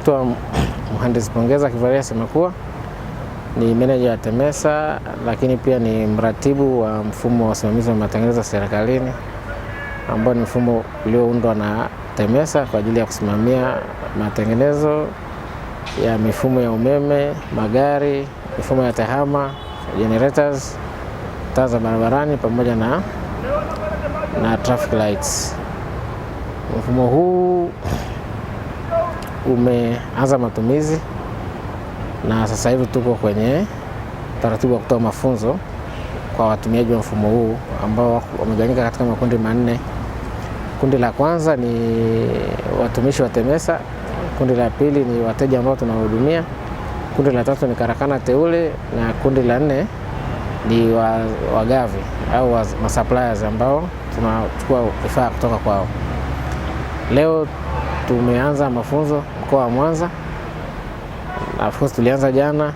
Naitwa Mhandisi Pongeza Kivaria Semekuwa, ni meneja ya TEMESA, lakini pia ni mratibu wa mfumo wa usimamizi wa matengenezo serikalini ambao ni mfumo ulioundwa na TEMESA kwa ajili ya kusimamia matengenezo ya mifumo ya umeme, magari, mifumo ya tehama, generators, taa za barabarani pamoja na, na traffic lights. Mfumo huu umeanza matumizi na sasa hivi tuko kwenye taratibu wa kutoa mafunzo kwa watumiaji wa mfumo huu ambao wamegawanyika katika makundi manne. Kundi la kwanza ni watumishi wa TEMESA, kundi la pili ni wateja ambao tunawahudumia, kundi la tatu ni karakana teule na kundi la nne ni wagavi au masuppliers ambao tunachukua vifaa kutoka kwao. Leo tumeanza mafunzo mkoa wa Mwanza. Of course tulianza jana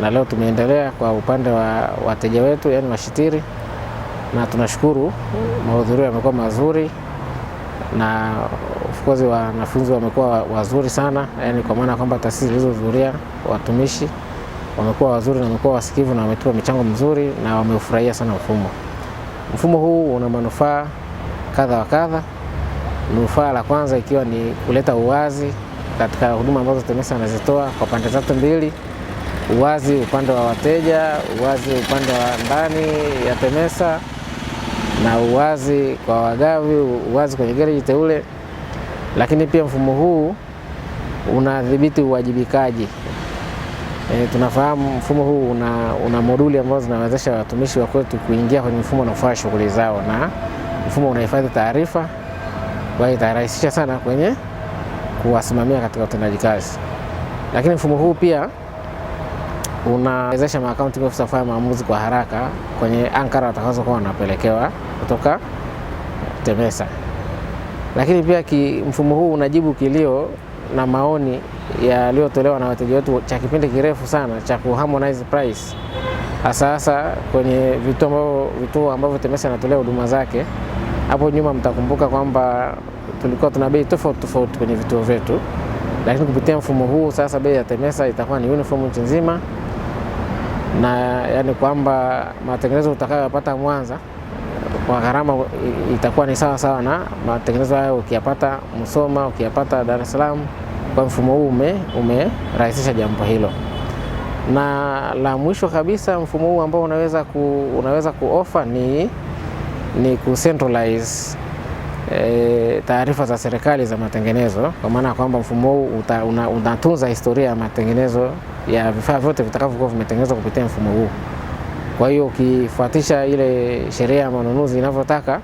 na leo tumeendelea kwa upande wa wateja wetu, yani washitiri, na tunashukuru mahudhurio yamekuwa mazuri na of course wanafunzi wamekuwa wazuri sana, yani kwa maana kwamba taasisi zilizohudhuria watumishi wamekuwa wazuri na wamekuwa wasikivu na wametupa michango mzuri na wameufurahia sana mfumo. Mfumo huu una manufaa kadha wa kadha nufaa la kwanza ikiwa ni kuleta uwazi katika huduma ambazo TEMESA anazitoa kwa pande zote mbili, uwazi upande wa wateja, uwazi upande wa ndani ya TEMESA na uwazi kwa wagavi, uwazi kwenye gereji teule. Lakini pia mfumo huu unadhibiti uwajibikaji. E, tunafahamu mfumo huu una, una moduli ambazo zinawezesha watumishi wa kwetu kuingia kwenye mfumo na kufanya shughuli zao, na mfumo unahifadhi taarifa kwa hiyo itarahisisha sana kwenye kuwasimamia katika utendaji kazi. Lakini mfumo huu pia unawezesha accounting officer kufanya maamuzi kwa haraka kwenye ankara watakazokuwa wanapelekewa kutoka TEMESA. Lakini pia ki, mfumo huu unajibu kilio na maoni yaliyotolewa na wateja wetu cha kipindi kirefu sana cha kuharmonize price hasa hasa kwenye vituo ambavyo TEMESA inatolea huduma zake. Hapo nyuma mtakumbuka kwamba tulikuwa tuna bei tofauti tofauti kwenye vituo vyetu, lakini kupitia mfumo huu sasa bei ya TEMESA itakuwa ni uniform nchi nzima, na yani kwamba matengenezo utakayoyapata Mwanza kwa gharama itakuwa ni sawa sawa na matengenezo hayo ukiyapata Musoma, ukiyapata Dar es Salaam. Kwa mfumo huu umerahisisha ume jambo hilo, na la mwisho kabisa mfumo huu ambao unaweza ku, unaweza kuofa ni ni kucentralize e, taarifa za serikali za matengenezo, kwa maana ya kwamba mfumo huu una, unatunza historia ya matengenezo ya vifaa vyote vitakavyokuwa vimetengenezwa kupitia mfumo huu. Kwa hiyo ukifuatisha ile sheria ya manunuzi inavyotaka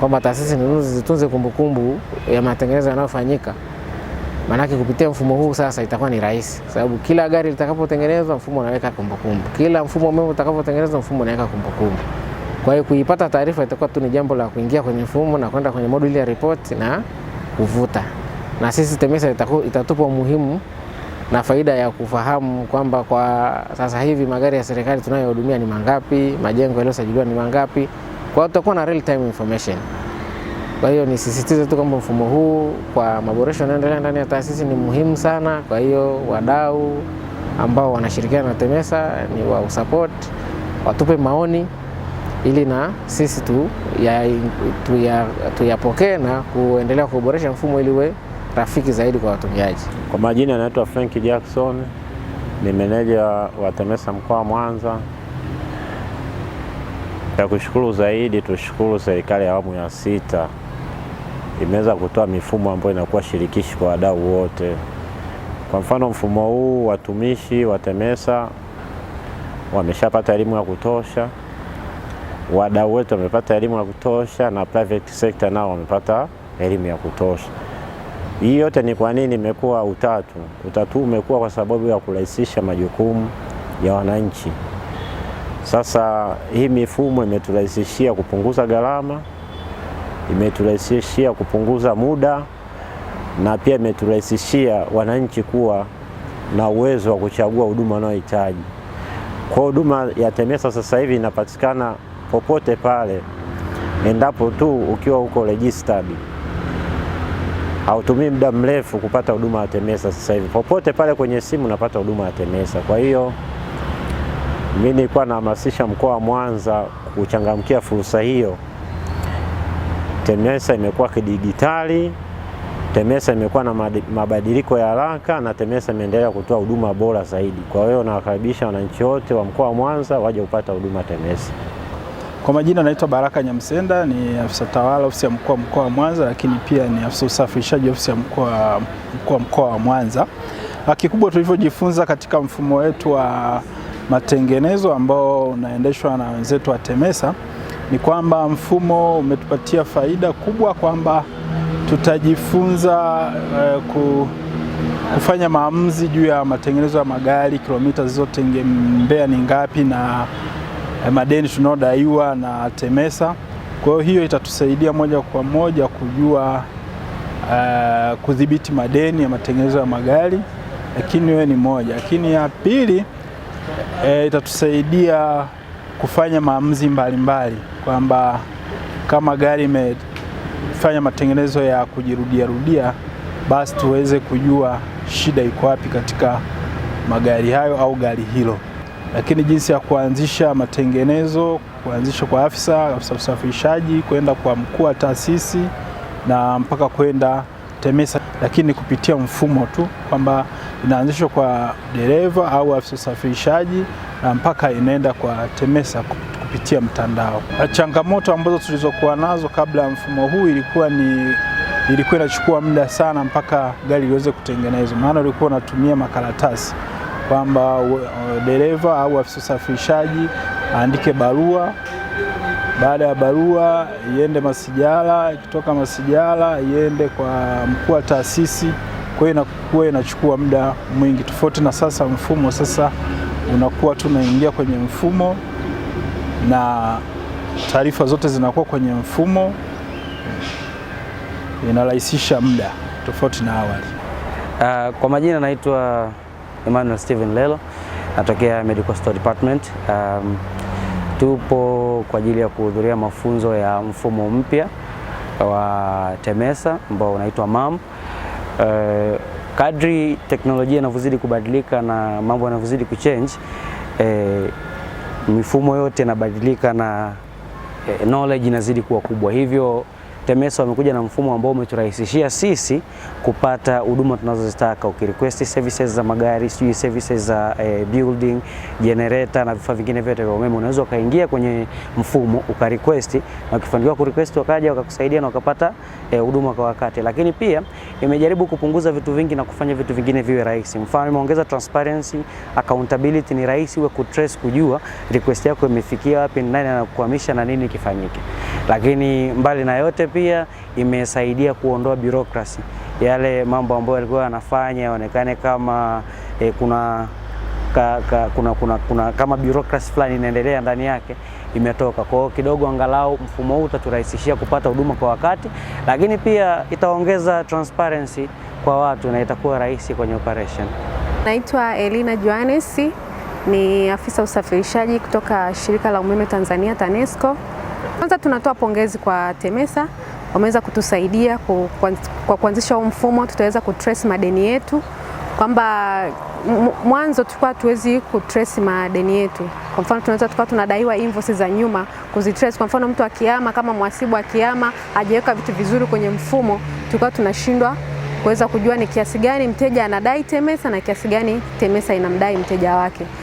kwamba taasisi nunuzi zitunze kumbukumbu ya matengenezo yanayofanyika, maanake kupitia mfumo huu sasa itakuwa ni rahisi, sababu kila gari litakapotengenezwa mfumo unaweka kumbukumbu, kila mfumo umeme utakapotengenezwa mfumo unaweka kumbukumbu. Kwa hiyo kuipata taarifa itakuwa tu ni jambo la kuingia kwenye mfumo na kwenda kwenye moduli ya report na kuvuta, na sisi TEMESA itatupa umuhimu na faida ya kufahamu kwamba kwa sasa hivi magari ya serikali tunayohudumia ni mangapi, majengo yaliyosajiliwa ni mangapi. Kwa hiyo tutakuwa na real time information. Kwa hiyo nisisitize tu kwamba mfumo huu kwa maboresho yanayoendelea ndani ya taasisi ni muhimu sana. Kwa hiyo wadau ambao wanashirikiana na TEMESA ni wa support, watupe maoni ili na sisi tuyapokee ya, tu na kuendelea kuboresha mfumo ili uwe rafiki zaidi kwa watumiaji. Kwa majina anaitwa Frank Jackson, ni meneja wa TEMESA mkoa wa Mwanza. Ya kushukuru zaidi, tushukuru serikali ya awamu ya sita imeweza kutoa mifumo ambayo inakuwa shirikishi kwa wadau wote. Kwa mfano mfumo huu, watumishi wa TEMESA wameshapata elimu ya kutosha wadau wetu wamepata elimu ya kutosha na private sector nao wamepata elimu ya kutosha. Hii yote ni kwa nini imekuwa utatu? Utatu umekuwa kwa sababu ya kurahisisha majukumu ya wananchi. Sasa hii mifumo imeturahisishia kupunguza gharama, imeturahisishia kupunguza muda na pia imeturahisishia wananchi kuwa na uwezo wa kuchagua huduma wanayohitaji. Kwa huduma ya TEMESA sasa hivi inapatikana popote pale, endapo tu ukiwa uko registered. Hautumii muda mrefu kupata huduma ya TEMESA. Sasa hivi popote pale kwenye simu unapata huduma ya TEMESA. Kwa hiyo mimi nilikuwa nahamasisha mkoa wa Mwanza kuchangamkia fursa hiyo. TEMESA imekuwa kidigitali, TEMESA imekuwa na mabadiliko ya haraka na TEMESA imeendelea kutoa huduma bora zaidi. Kwa hiyo nawakaribisha wananchi wote wa mkoa wa Mwanza waje kupata huduma TEMESA. Kwa majina naitwa Baraka Nyamsenda, ni afisa tawala ofisi ya mkuu wa mkoa wa Mwanza, lakini pia ni afisa usafirishaji ofisi ya mkuu wa mkoa wa Mwanza. Ah, kikubwa tulivyojifunza katika mfumo wetu wa matengenezo ambao unaendeshwa na wenzetu wa TEMESA ni kwamba mfumo umetupatia faida kubwa kwamba tutajifunza eh, ku, kufanya maamuzi juu ya matengenezo ya magari, kilomita zilizotembea ni ngapi na Eh, madeni tunaodaiwa na TEMESA. Kwa hiyo hiyo itatusaidia moja kwa moja kujua uh, kudhibiti madeni ya matengenezo ya magari, lakini hiyo ni moja, lakini ya pili e, itatusaidia kufanya maamuzi mbalimbali kwamba kama gari imefanya matengenezo ya kujirudiarudia basi tuweze kujua shida iko wapi katika magari hayo au gari hilo lakini jinsi ya kuanzisha matengenezo, kuanzisha kwa afisa afisa usafirishaji, kwenda kwa mkuu wa taasisi na mpaka kwenda TEMESA, lakini kupitia mfumo tu kwamba inaanzishwa kwa dereva au afisa usafirishaji na mpaka inaenda kwa TEMESA kupitia mtandao. Changamoto ambazo tulizokuwa nazo kabla ya mfumo huu ilikuwa ni ilikuwa inachukua muda sana mpaka gari liweze kutengenezwa, maana ulikuwa unatumia makaratasi kwamba uh, dereva au afisa usafirishaji aandike barua. Baada ya barua iende masijara, ikitoka masijara iende kwa mkuu wa taasisi. Kwa hiyo inakuwa inachukua muda mwingi, tofauti na sasa. Mfumo sasa unakuwa tunaingia kwenye mfumo na taarifa zote zinakuwa kwenye mfumo, inarahisisha muda tofauti na awali. Uh, kwa majina naitwa Emmanuel Steven Lelo, natokea Medical Store Department. Um, tupo kwa ajili ya kuhudhuria mafunzo ya mfumo mpya wa TEMESA ambao unaitwa MAM. Uh, kadri teknolojia inavyozidi kubadilika na mambo yanavyozidi kuchange, eh, mifumo yote inabadilika na eh, knowledge inazidi kuwa kubwa, hivyo TEMESA wamekuja na mfumo ambao umeturahisishia sisi kupata huduma tunazozitaka, ukirequest services za magari, sijui services za eh, building generator na vifaa vingine vyote vya umeme, unaweza ukaingia kwenye mfumo ukarequest, na ukifanikiwa kurequest wakaja wakakusaidia na wakapata Eh, huduma kwa wakati, lakini pia imejaribu kupunguza vitu vingi na kufanya vitu vingine viwe rahisi. Mfano, imeongeza transparency, accountability, ni rahisi uwe kutrace, kujua request yako imefikia wapi, nani anakuhamisha na nini kifanyike. Lakini mbali na yote, pia imesaidia kuondoa bureaucracy, yale mambo ambayo yalikuwa yanafanya yaonekane kama e, kuna, ka, ka, kuna, kuna, kuna kama bureaucracy fulani inaendelea ndani yake imetoka. Kwa hiyo kidogo angalau mfumo huu utaturahisishia kupata huduma kwa wakati, lakini pia itaongeza transparency kwa watu na itakuwa rahisi kwenye operation. Naitwa Elina Johannes, ni afisa usafirishaji kutoka shirika la umeme Tanzania TANESCO. Kwanza tunatoa pongezi kwa TEMESA, wameweza kutusaidia kwa kuanzisha huu mfumo, tutaweza kutrace madeni yetu kwamba mwanzo tulikuwa tuwezi kutrace madeni yetu. Kwa mfano, tunaweza tukawa tunadaiwa invoice za nyuma kuzitrace. Kwa mfano, mtu akiama, kama mwasibu akiama ajaweka vitu vizuri kwenye mfumo, tulikuwa tunashindwa kuweza kujua ni kiasi gani mteja anadai TEMESA na kiasi gani TEMESA inamdai mteja wake.